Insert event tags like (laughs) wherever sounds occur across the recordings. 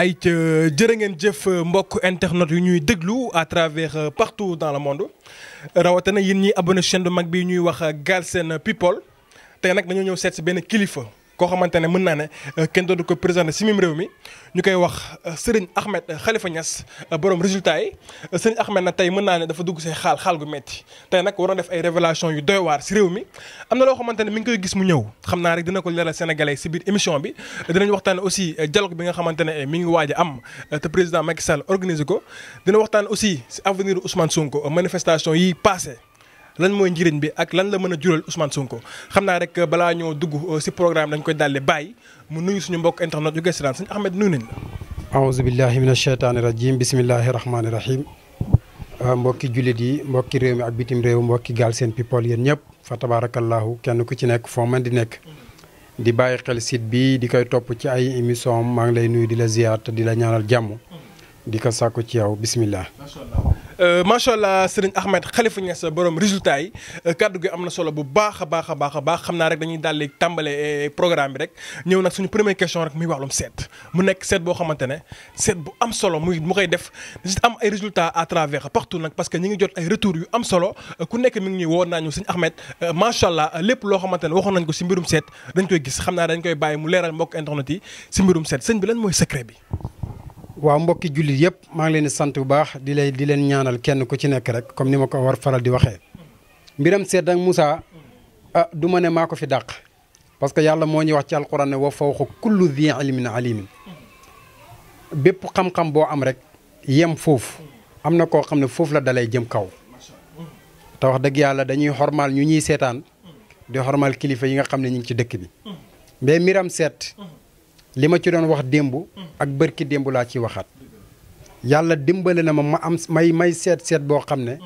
ay jërë ngeen jëf euh, internet yu ñuy déglu à travers euh, partout dans le monde rawatina yéen ñi abonné chaîne de mag bi ñuy wax euh, Galsen People tey nag dañoo ñëw seet si benn kilifa. koo xamante ne mën naa ne euh, kenn dootu ko présenté si mim réew mi ñu koy wax euh, sëriñ Ahmed xalifa euh, Niass borom résultat yi sëriñ Ahmed na tey mën naa ne dafa dugg see xaal xaal gu metti tey nag war na def ay révélation yu doy waar si réew mi am na loo xamante ne mi ngi koy gis mu ñëw xam naa rek dina ko leeral sénégalais si biir émission bi dinañ waxtaan aussi dialogue bi nga xamante ne mi ngi waaja am te président Macky Sall ko dina waxtaan aussi si avenir Ousmane Sonko manifestation yi passé lan mooy njëriñ bi ak lan la mën a jural Ousmane ko xam naa rek balaa ñoo dugg euh, si programme dañ koy daldi bàyyi mu nuyu suñu mbokk internet yu gëstu daan sëñ Ahmed nuyu nañ la. aouzu billahi mina shaytaani rajim bismillahi rahmaani rahim euh, mbokki jullit yi mbokki réew mi ak réew mbokki gaal seen people yéen ñëpp fa tabarakallahu kenn ku ci nekk foo mën di nekk. di bàyyi xel site bi di koy topp ci ay émission maa ngi lay nuyu di la ziyaar te di la ñaanal jàmm. di ko sàkku ci yow bismillah. macha allah sëriñ Ahmed Khalifa Niass borom résultat yi kaddu gi am na solo bu baax a baax a baax a baax xam naa rek dañuy daal di tàmbale programme bi rek ñëw nag suñu première question rek muy wàllum seet mu nekk seet boo xamante ne seet bu am solo muy mu koy def di am ay résultats à travers partout nag parce que ñi ngi jot ay retours yu am solo ku nekk mi ngi ñuy woo naa ñu sëñ Ahmed macha allah lépp loo xamante ne waxoon nañ ko si mbirum seet dañ koy gis xam naa dañ koy bàyyi mu leeral mbokk internet yi si mbirum seet sëñ bi lan mooy secret bi waaw mbokki jullit yëpp maa ngi leen sant bu baax di lay di leen ñaanal kenn ku ci nekk rek comme ni ma ko war faral di waxee mbiram seet nag Moussa ah du ma ne maa ko fi dàq parce que yàlla moo ñuy wax ci alquran ne wa fawqa kullu di ilmin alimin bépp xam-xam boo am rek yem foofu am na koo xam ne foofu la dalay jëm kaw te wax dëgg yàlla dañuy xormaal ñu ñuy seetaan di xormaal kilifa yi nga xam ne ñu ngi ci dëkk bi mais mbiram seet li ma ci doon wax démb ak bërki démb laa ci waxaat yàlla dimbale na ma ma am may may seet seet boo xam ne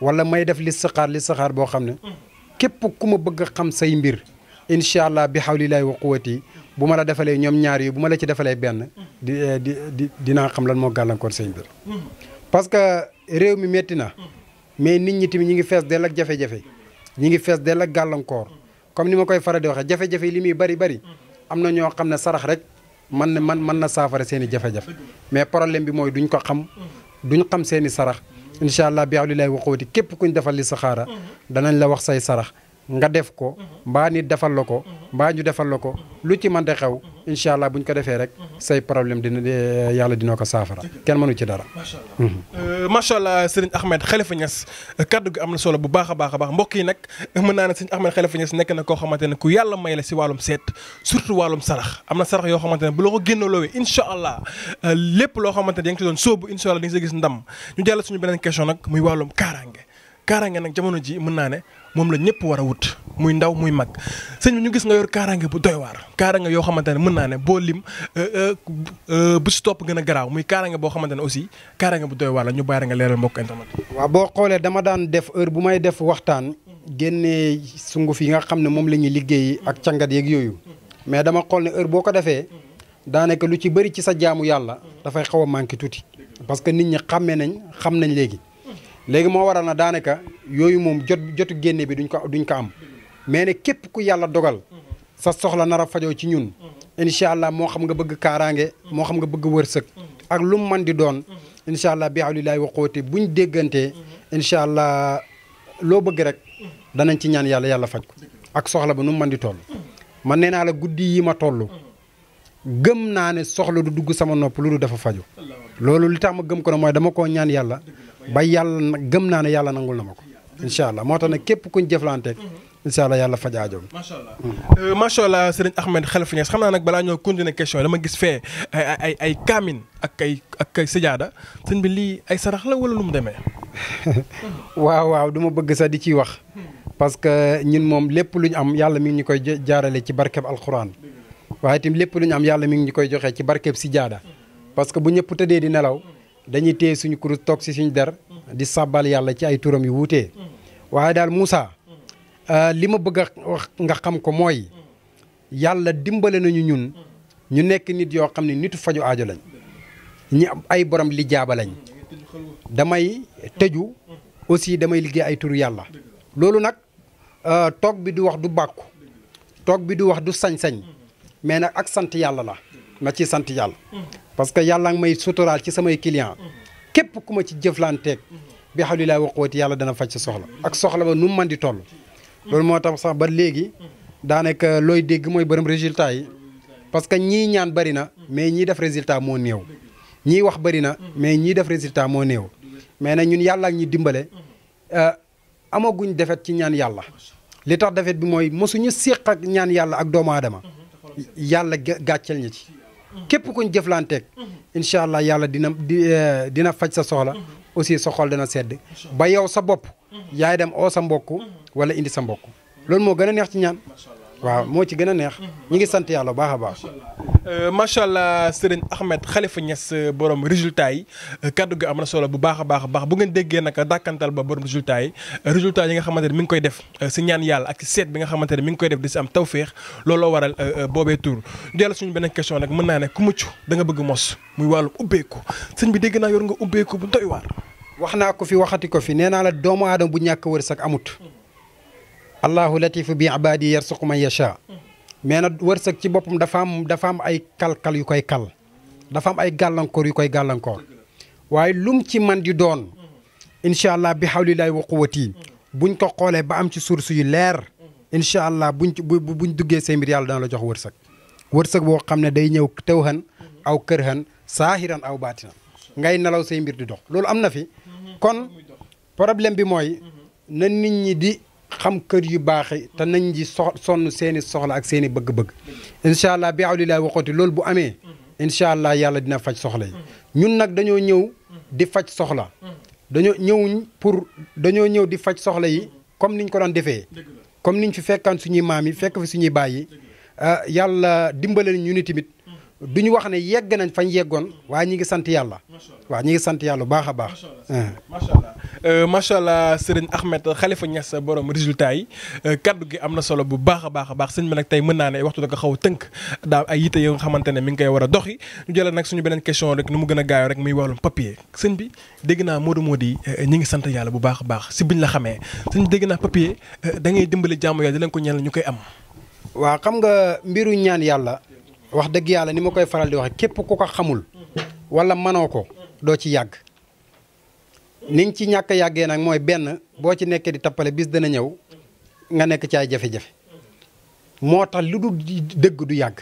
wala may def li saxaar li saxaar boo xam ne képp ku ma bëgg xam say mbir incha allah bi hawlillahi wa quwwati bu ma la defalee ñoom ñaar yi bu ma la ci defalee benn di eh, di di dinaa xam lan moo gàllankoor say mbir parce que réew mi métti na mais nit ñi tamit ñu ngi fees dell ak jafe-jafe ñi ngi fees dell ak gàllankoor comme ni ma koy faral di waxee jafe li muy bari bari amna ño xamne sarax rek man man man na safara seen jafe-jafe mais problème bi moy duñ ko xam duñ xam seen sarax inshallah bi bi wa waxooti kep kuñ defal li saxara danañ la wax say sarax nga def ko mbaa nit defal lako ko ñu defal lako lu ci man de xew incha allah bu ñu ko defee rek say problème dina eh, yàlla dina ko saafara kenn mënu ci dara. macha allah mhm. euh, macha allah sëriñ Ahmed Khalifa Niass kaddu gi am na solo bu baax a baax a baax mbokk yi nag mën naa ne sëriñ Ahmed Khalifa Niass nekk na koo xamante ne ku yàlla may la si wàllum seet surtout wàllum sarax am na sarax yoo xamante ne bu loo ko génn loowee incha allah euh, lépp loo xamante ne da nga ci doon sóobu incha allah di nga gis ndam ñu jàll suñu beneen question nag muy wàllum kaaraange kaaraange nag jamono ji mën naa ne moom la ñëpp war a wut muy ndaw muy mag sëñ bi ñu gis nga yor kaaraange bu doy waar kaaraange yoo xamante ne mën naa ne boo lim euh, euh, euh, bu si topp gën a garaaw muy kaaraange boo xamante ne aussi kaaraange bu doy waar la ñu bàyyi nga leeral mbokk internet. waa boo xoolee dama daan def heure bu may def waxtaan génnee sunguf yi nga xam ne moom la ñuy liggéey ak cangat yeeg yooyu mais dama xool ne heure boo ko defee daanaka lu ci bëri ci sa jaamu yàlla dafay xaw a manqué tuuti parce que nit ñi xàmmee nañ xam nañ léegi. léegi moo waral na daanaka yooyu moom jot jotu génne bi duñ ko duñ ko am mais ne képp ku yàlla dogal sa soxla nar a fajoo ci ñun incha allah moo xam nga bëgg kaaraange moo xam nga bëgg wërsëg ak lu mu man di doon incha allah bi hawlillahi wa bu ñu déggantee incha allah loo bëgg rek danañ ci ñaan yàlla yàlla faj ko ak soxla ba nu mu mën di toll man nee naa la guddi yi ma toll gëm naa ne soxla du dugg sama nopp lu loolu dafa faju loolu li tax ma gëm ko mooy dama koo ñaan yàlla ba yàlla nag gëm naa ne yàlla nangul na ma ko incha allah moo tax nag képp kuñ jëflanteeg incha allah yàlla faj aajoom. macha allah euh, macha allah sëriñ Ahmed Khalifa Niass xam naa nag balaa ñoo continuer question yi dama gis fee ay ay kaamin ak ay ak ay sijaada sëñ bi lii ay sarax la wala lu mu demee. (laughs) waaw waaw du ma bëgg sax di ciy wax. parce que ñun moom lépp lu ñu am yàlla mi ñu koy jaarale ci barkeb alxuraan. waaye itam lépp lu ñu am yàlla mi ñu koy joxe ci barkeb sijaada. parce que bu ñëpp tëddee di nelaw. dañuy téye suñu kurus toog si suñu der di sabbal yàlla ci ay turam yu wuutee waaye daal Moussa euh, li ma bëgg a wax nga xam ko mooy yàlla dimbale nañu ñun ñu nekk nit yoo xam ne nitu faju aajo lañ ñi ay borom li damay tëju aussi damay liggéey ay turu yàlla loolu nag euh, toog bi du wax du bàkku toog bi du wax du sañ-sañ mais nag ak sant yàlla la na ciy sant yàlla parce que yàlla ngi may suturaal ci samay client képp ku ma ci jëflanteeg bi xawlilaay waqooti yàlla dana faj sa soxla ak soxla ba nu mu mën di toll loolu moo tax sax ba léegi daanaka looy dégg mooy bërëm résultat yi parce que ñii ñaan bëri na mais ñii def résultat moo néew ñii wax bëri na mais ñii def résultat moo néew mais nag ñun yàlla ak dimbale euh, amaguñ defet ci ñaan yàlla li tax defet bi mooy mosuñu séq ak ñaan yàlla ak doomu aadama yàlla gàcceel ñi ci képp kuñ jëflanteeg mhm. incha allah yàlla dina di eh, dina faj sa soxla mhm. aussi sa xool dana sedd ba yow sa bopp mhm. yaay dem oo sa mbokk wala indi sa mbokk loolu moo gën a neex ci ñaan waaw moo ci gën a neex mhm. ñu ngi sant yàlla baax a baax macha euh, allah sëriñ Ahmed Khalifa Niass euh, borom résultat yi euh, kaddu gi am na solo bu baax a baax a baax bu ngeen déggee nag dàkkantal ba borom résultat yi yi nga xamante ne mi ngi koy def si ñaan yàlla ak si seet bi nga xamante ne mi ngi koy def di si am tawféex looloo waral boobee tur du yàlla suñu benn question nag mën naa ne ku mucc danga bëgg mos muy wàllu ubbeeku sëñ bi dégg naa yor nga ubbeeku bu doy waar. wax naa ko fi waxati ko fi nee naa la doomu aadama bu ñàkk wërsëg amut. Hmm. allahu latifu bi ibaadi yarsuqu man yasha mais nag wërsëg ci boppam dafa am dafa am ay kalkal yu koy kal dafa am ay gàllankoor yu koy gàllankoor waaye lum ci man di doon incha allah bi hawlillahi wa quwwati buñ ko xoolee ba am ci source yu leer incha allah buñ ci buñ duggee say mbir yàlla dana la jox wërsëg wërsëg boo xam ne day ñëw tawhan aw kërhan saahiran aw baatinan ngay nelaw say mbir di dox loolu am na fi kon problème bi mooy na nit ñi di xam kër yu baaxi te nañ di sox sonn seeni i soxla ak seeni i bëgg-bëgg incha allah bi awlilaay waxooti loolu bu amee incha allah yàlla dina faj soxla yi ñun nag dañoo ñëw di faj soxla dañoo ñëwuñ pour dañoo ñëw di faj soxla yi comme niñ ko daan defee comme niñ fi fekkaan suñuy maam yi fekk fi suñuy baay yi ah, yàlla dimbale ñu ni tamit ñu wax ne yegg nañ fañ yeggoon waaye ñi ngi sant yàlla waaw ñi ngi sant yàlla bu baax a baax macha allah macha allah euh, sëriñ Ahmed Khalifa Niass borom résultat yi euh, kaddu gi am na solo bu baax a baax a sëñ bi nag tey mën naa ne waxtu da ko xaw a tënk daal ay yite xamante ne mi ngi koy war a doxi ñu nag suñu beneen question rek nu mu gën a gaayoo rek muy wàllum papier sëñ bi dégg naa Modou Modi euh, ñi ngi sant yàlla bu baax a baax si buñ la xamee sëñ bi dégg naa papier da dimbali jàmm yàlla di leen ko ñaan ñu koy am waa xam nga mbiru ñaan yàlla wax dëgg yàlla ni ma koy faral di wax képp ku ko xamul wala manoo ko doo ci yàgg niñ ci ñàkk a yàggee nag mooy benn boo ci nekkee di tappale bis dana ñëw nga nekk ci ay jafe-jafe moo tax lu dul dëgg du yàgg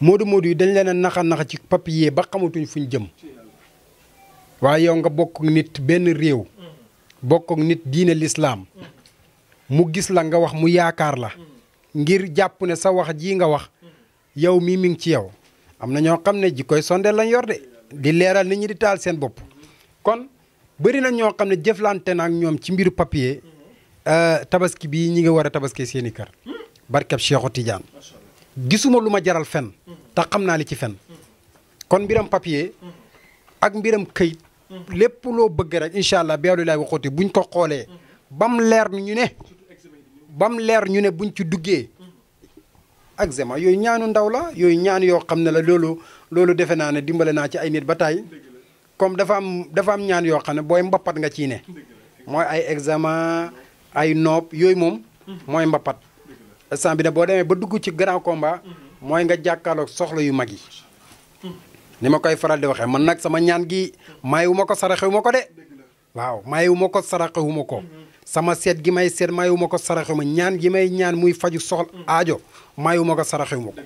moodu-moodu yi dañ leen a naxa naxa ci papier ba xamatuñ fuñ jëm waaye yow nga bokk nit benn réew bokk nit diine lislaam mu gis la nga wax mu yaakaar la ngir jàpp ne sa wax ji nga wax yow mii mi ngi ci yow am na ñoo xam ne jikkoy sondeel lañ yor de di leeral nit ñi di taal seen bopp kon bëri na ñoo xam ne jëflante na ak ñoom ci mbiru papier euh, tabaski bii ñu ngi war a tabaski seen i kër barkeb Cheikhou Tidiane gisuma lu ma jaral fen te xam naa li ci fen kon mbiram papier ak mbiram këyit lépp loo bëgg rek incha allah beelu laay bu ñu ko xoolee bam leer ñu ne bam leer ñu ne buñ ci duggee ak yooyu ñaanu ndaw la yooyu ñaan yoo xam ne la loolu loolu defe naa ne dimbale naa ci ay nit ba tàyyi comme dafa am dafa am ñaan yoo xam ne booy mbappat nga ci ne mooy ay examen ay noob yooyu moom mooy mbappat instant bi ne boo demee ba dugg ci grand combat mooy nga jàkkaarloog soxla yu mag yi ni ma koy faral di waxee man nag sama ñaan gi maayiwu ko saraxewu ma ko de waaw maayiwu ma ko saraxewu ko sama seet gi may seet mayu ma ko saraxewu ma ñaan gi may ñaan muy faju soxla aajo mayu ko saraxewu ma ko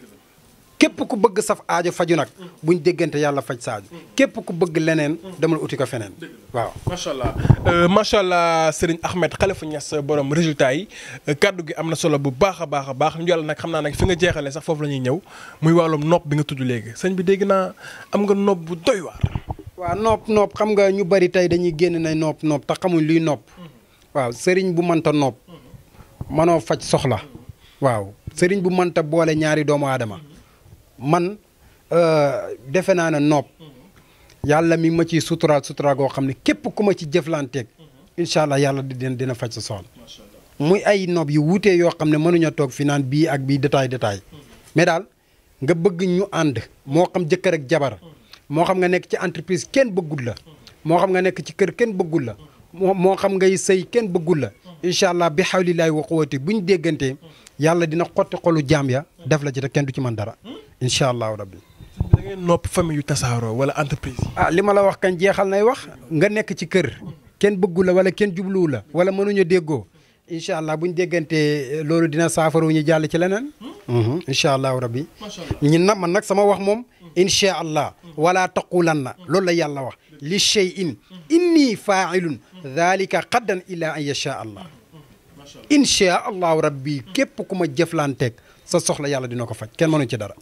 képp ku bëgg saf aajo faju nag buñ déggante yàlla faj sa aajo képp ku bëgg leneen demal uti ko feneen waaw macha allah euh, macha allah Serigne Ahmed Khalifa Niass borom résultat yi euh, kaddu gi am na solo bu baax a baax a baax nu yàlla nag xam naa nag fi nga jeexalee sax foofu lañuy ñëw muy wàllum nopp bi nga tudd léegi sëñ bi dégg naa am nga nopp bu doy waar waaw nopp nopp xa nga ñu bari tey dañuy génn na nopp nopp te xamuñ nopp waaw sëriñ bu manta nopp manoo faj soxla waaw sëriñ bu manta boole ñaari doomu aadama man euh, defe naa ne nopp yàlla mi ma ciy suturaal suturaal goo xam ne képp ku ma ci jëflanteeg incha allah yàlla dina dina faj sa soxla muy ay nopp yu wuutee yoo xam ne mënuñoo toog fi bii ak bii détail détail mais daal nga bëgg ñu ànd moo xam jëkkër ak jabar moo xam nga nekk ci entreprise kenn bëggul la moo xam nga nekk ci kër kenn bëggul la moo xam ngay sëy kenn bëggul la mm. incha allah bi xawlilaahi wa quwwati buñ déggante mm. yàlla dina xotti xolu jaam ya mm. def la ci te kenn du ci mën dara incha allahu rabbi da ngeen nopp famille yu tasaaroo wala entreprise ah li ma la wax kan jeexal nay wax nga nekk ci kër kenn bëggu la wala kenn jubluwu la wala mënuñu déggoo incha allah buñ déggante eh, loolu dina saafarawu ñu jàll ci leneen mhm, incha allahu rabbi ñi na man nag sama wax moom incha allah wala taqulanna loolu la yàlla wax li shay'in inni dhalika xaddan illa an yasha allah inchaa allahu rabbi képp ku ma jëflanteeg sa soxla yàlla dina ko faj kenn mënuñ ci dara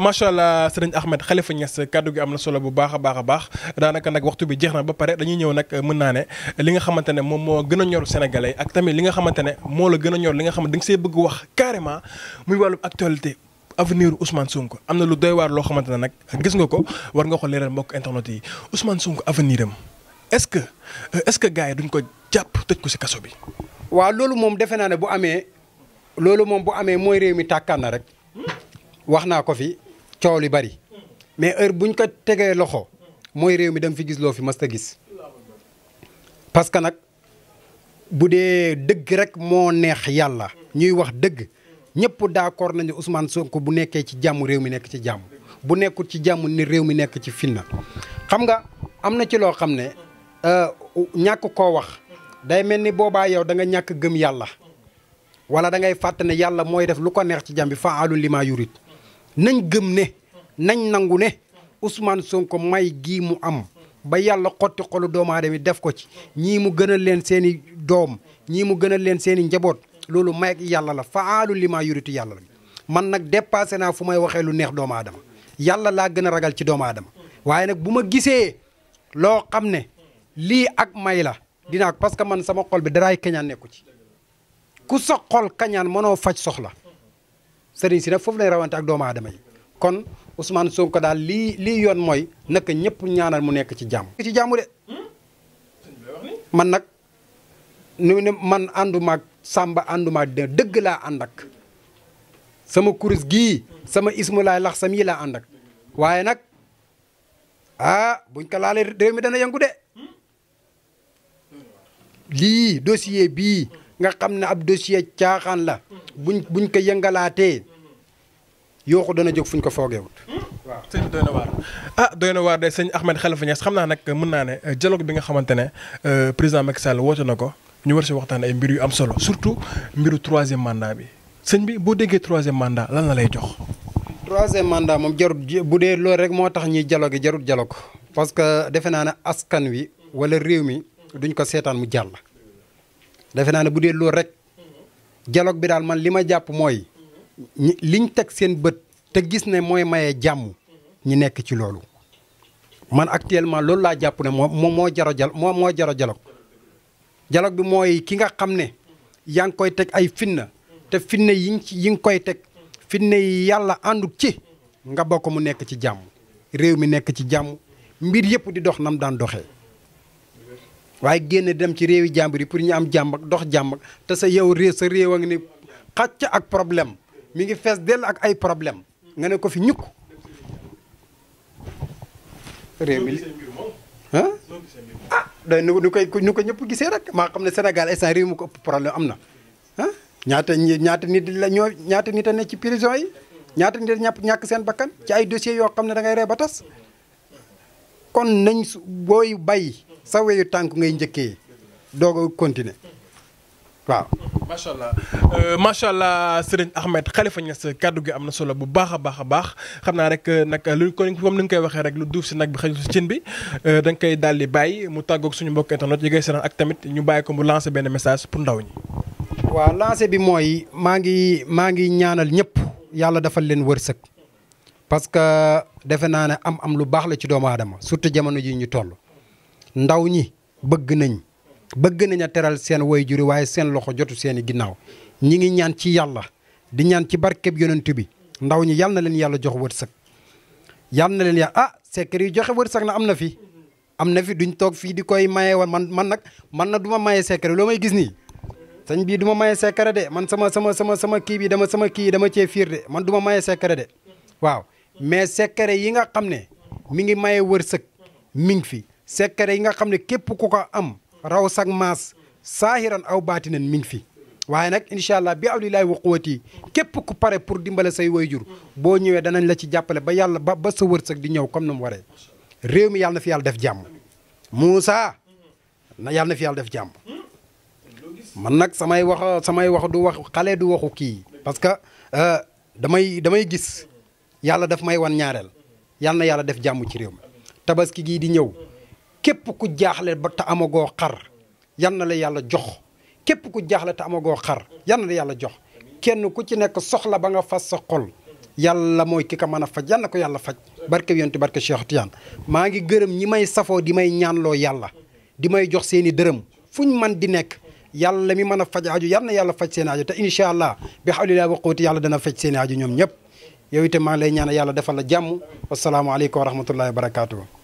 macha allah euh, sëriñ Ahmed Khalifa Niass gi am na solo bu baax a baax a baax daanaka nag waxtu bi jeex na ba pare dañuy ñëw nag euh, mën naa ne li nga xamante ne moom moo gën a ñor sénégalais ak tamit li nga xamante ne moo la gën a ñor li nga xam ne da nga see bëgg wax carrément muy wàllum actualité avenir Ousmane Sonko am na lu doy waar loo xamante ne nag gis nga ko war nga ko leeral mbokk internet yi Ousmane Sonko avenir am est-ce que euh, est-ce que gars yi duñ ko jàpp tëj ko ci kaso bi. waaw loolu moom defe naa ne bu amee loolu moom bu amee mooy réew mi tàkkaan na rek wax naa ko fi coow li bari mais heure buñ ko tegee loxo mooy réew mi da fi gis loo fi masta gis parce que nag bu dee dëgg rek moo neex yàlla ñuy wax dëgg ñëpp d'accord nañu Ousmane Sonko bu nekkee ci jàmm réew mi nekk ci jàmm bu nekkul ci jàmm ni réew mi nekk ci fitna xam nga am na ci loo xam ne. Euh, ñàkk koo wax day mel ni boobaa yow da nga ñàkk gëm yàlla wala da ngay fàtte yàlla mooy def lu ko neex ci jàmbi faalu lima yurit nañ gëm ne nañ nangu ne Ousmane Sonko may gii mu am ba yàlla xotti xolu doomu aadama def ko ci ñii mu gënal leen seeni doom ñii mu gënal leen seen i njaboot loolu may ak yàlla la faalu lima yuritu yàlla la man nag dépassé naa fu may waxee lu neex doomu aadama yàlla laa gën a ragal ci doomu aadama waaye nag bu ma gisee xam ne lii ak may la dinaa parce que man sama xol bi daraay kañaan nekku ci ku sa xol kañaan mënoo faj soxla sëriñ si nag foofu lay rawante ak doomu aadama yi kon Ousmane Sonko daal lii lii yoon mooy naka ñépp ñaanal mu nekk ci jàmm. ci jàmm de man nag nu ne man sàmba Samba àndumaag dëgg laa ànd sama kuris gii sama ismu laay lax sam yi laa ànd waaye nag ah buñ ko laalee réew dana yëngu de. lii dossier bi nga xam ne ab dossier caaxaan la buñ buñ ko yëngalaatee yooxu dana jóg fuñ ko foogeewut waaw sëñ doy na waar ah doy na waar de sëñ Ahmed Khalifa Niass xam naa nag mën naa ne euh, dialogue bi nga xamante ne euh, président Macky Sall woote na ko ñu war si waxtaan ay mbir yu am solo surtout mbiru troisième mandat bi sëñ bi boo déggee troisième mandat lan la lay jox. troisième mandat moom jarut bu dee loolu rek moo tax ñuy dialogue jarut dialogue parce que defe naa ne askan wi wala réew mi. duñ ko seetaan mu jàll. defe naa ne bu dee loolu rek dialogue bi daal man li ma jàpp mooy liñ teg seen bët te gis ne mooy maye jàmm ñi nekk ci loolu. man actuellement loolu laa jàpp ne moom moo jaro jal moo moo jaro dialogue dialogue bi mooy ki nga xam ne yaa ngi koy teg ay finna te finna yi ci yi nga koy teg finna yi yàlla àndut ci nga bokk mu nekk ci jàmm réew mi nekk ci jàmm mbir yëpp di dox nam daan doxee waaye génn dem ci réewi jàmbur yi pour ñu am jàmm ak dox jàmm te sa yow réew sa réew a ngi ne xàcc ak problème mi ngi fees dell ak ay problème nga ne ko fi ñukk réew mi ah ah day nu koy nu ko ñëpp gisee rek maa xam ne Sénégal instant réew mu ko problème am na ah ñaata ñaata nit la ñoo ñaata nit a ne ci prison yi ñaata nit ñàpp ñàkk seen bakkan ci ay dossiers yoo xam ne da ree ba tas kon nañ booy bay sa weyu tànk ngay njëkkee doog a continuer waaw. macha allah euh, macha allah sëriñ Ahmed Khalifa Niass kaddu gi am na solo bu baax a baax a baax xam naa rek euh, nag lu ko comme ni nga koy waxee rek lu duuf si nag bi xëy si cin bi euh, da koy daal di bàyyi mu tàggoog suñu mbokk internet yi ngay seetaan ak tamit ñu bàyyi ko mu lancer benn message pour ndaw ñi. waaw lancer bi mooy maa ngi maa ngi ñaanal ñëpp yàlla defal leen wërsëg parce que defe naa ne am am lu baax la ci doomu aadama surtout jamono ji ñu toll. ndaw ñi bëgg nañ bëgg nañ a teral seen way juri waaye seen loxo jotu seen i ginnaaw ñi ngi ñaan ci yàlla di ñaan ci barkeb yonent bi ndaw ñi yal na leen yàlla jox wërsëg yal na leen yàlla ah secret yi joxe wërsëg na am na fi am na fi duñ toog fii di koy maye woon man man nag man na du ma maye secret loo may gis nii sañ bii duma ma maye secret de man sama sama sama sama kii bi dama sama kii dama cee fiir de man du ma maye secret de waaw mais secret yi nga xam ne mi ngi maye wërsëg mi secret yi nga xam ne képp ku ko am raw sag maas saahiran aw baatinan mi ngi fi waaye nag incha allah bi awlilaay wa quwati képp ku pare pour dimbale say wayjur boo ñëwee danañ la ci jàppale ba yàlla ba ba sa wërsëg di ñëw comme na mu waree réew mi yàlla na fi yàlla def jàmm Moussa na yàlla na fi yàlla def jàmm man nag samay wax samay wax du wax xale du waxu kii parce que euh, damay damay gis yàlla daf may wan ñaareel yàlla na yàlla def jàmm ci réew mi tabaski gii di ñëw képp ku jaaxle ba te amagoo xar yan na la yàlla jox képp ku jaaxle te amagoo xar yan na la yàlla jox kenn ku ci nekk soxla ba nga fas sa xol yàlla mooy ki ka mën a faj yan ko yàlla faj barke yonti barke Cheikh Tidiane maa ngi gërëm ñi may safoo di may ñaanloo yàlla di may jox seen i dërëm fu ñu man di nekk yàlla mi mën a faj aju yan na yàlla faj seen te incha allah bi xawlilaa wa quwwati yàlla dana faj seen aju ñoom ñëpp yow itam maa ngi lay ñaan yàlla defal la jàmm wasalaamualeykum wa rahmatullahi wa barakaatu.